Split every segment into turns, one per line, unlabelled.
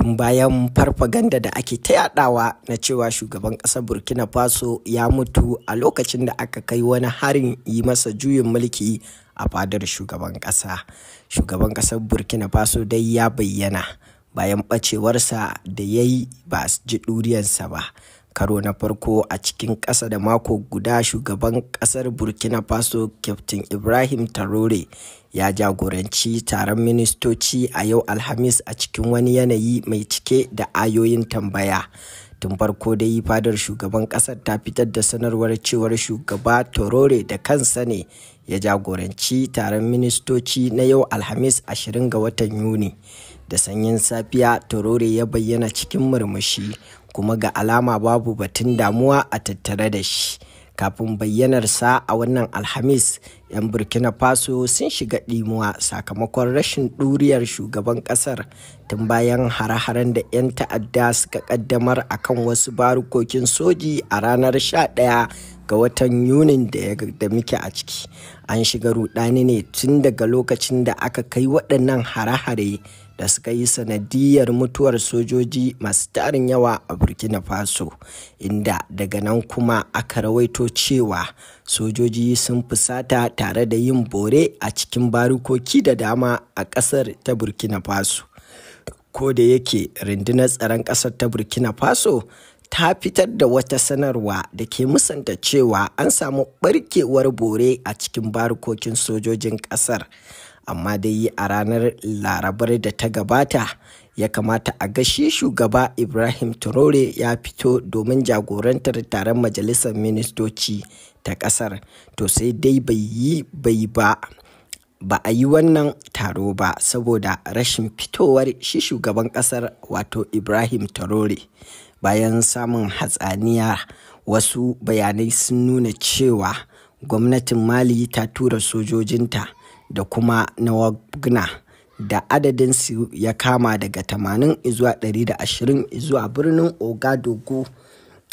tun bayan farfaganda da ake ta yadawa na cewa shugaban ƙasar burkina faso ya mutu a lokacin da aka kai wani harin yi masa juyin mulki a fadar shugaban ƙasa shugaban ƙasar burkina faso dai ya bayyana bayan ɓacewarsa da ya yi ba ji ɗuriyarsa ba karo na farko a cikin ƙasa da mako guda shugaban ƙasar burkina faso captain ibrahim tarore ya jagoranci taron ministoci a yau alhamis a cikin wani yanayi mai cike da ayoyin tambaya tun farko dai fadar shugaban ƙasar ta fitar da sanarwar cewar shugaba tarore da kansa ne ya jagoranci taron ministoci na yau alhamis 20 ga watan yuni da sanyin safiya torore ya bayyana cikin murmushi kuma ga alama babu batun damuwa a tattare da shi kafin bayyanarsa a wannan alhamis 'yan burkina faso sun shiga ɗimuwa sakamakon rashin ɗuriyar shugaban ƙasar tun bayan hare-haren da 'yan ta'adda suka ƙaddamar akan wasu barukokin soji a ranar 11 ga watan yunin da muke a ciki an shiga rudani ne tun daga lokacin da aka kai waɗannan hare-hare da suka yi sanadiyar mutuwar sojoji masu tarin yawa a burkina faso inda daga nan kuma aka rawaito cewa sojoji sun fusata tare da yin bore a cikin barukoki da dama a ƙasar ta burkina faso ko da yake rundunar tsaron ƙasar ta burkina faso ta fitar da wata sanarwa da ke musanta cewa an samu barkewar bore a cikin barikokin sojojin ƙasar amma dai a ranar larabar da ta gabata ya kamata a gashi shugaba ibrahim turore ya fito domin jagorantar taron majalisar ministoci ta ƙasar to sai dai bai yi bai ba ba a yi wannan taro ba saboda rashin fitowar shi shugaban ƙasar wato ibrahim turore bayan samun hatsaniya wasu bayanai sun nuna cewa gwamnatin mali ta tura sojojinta da kuma na wagner da adadinsu ya kama daga 80 zuwa 120 zuwa birnin ogadogo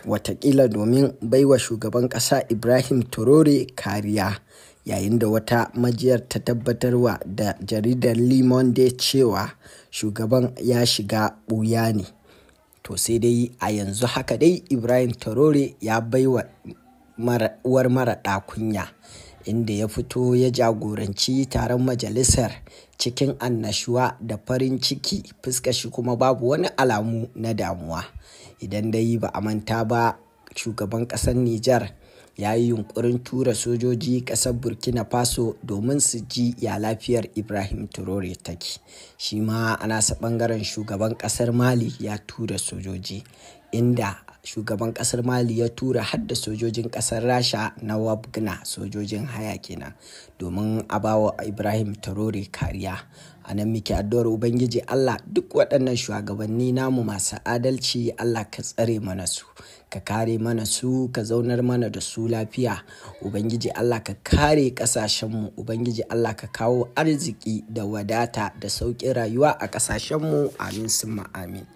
watakila domin baiwa shugaban ƙasa ibrahim torore kariya yayin da wata majiyar ta tabbatarwa da jaridar da cewa shugaban ya shiga ɓuya ne to sai dai a yanzu haka dai ibrahim tarore ya bai wa uwar mara kunya inda ya fito ya jagoranci taron majalisar cikin annashuwa da farin ciki fuska shi kuma babu wani alamu na damuwa idan dai ba a manta ba shugaban ƙasar Nijar ya yi yunkurin tura sojoji ƙasar burkina faso domin su ji ya lafiyar ibrahim turore take shi ma ana nasa ɓangaren shugaban ƙasar mali ya tura sojoji inda shugaban kasar mali ya tura hadda sojojin kasar rasha na wabgna sojojin haya kenan domin a bawa ibrahim tarore kariya a nan muke addu'ar ubangiji allah duk waɗannan shugabanni namu masu adalci allah ka tsare mana su ka kare mana su ka zaunar mana da su lafiya ubangiji allah ka kare ƙasashenmu ubangiji allah ka kawo arziki da wadata da sauƙin rayuwa a ƙasashenmu amin sun amin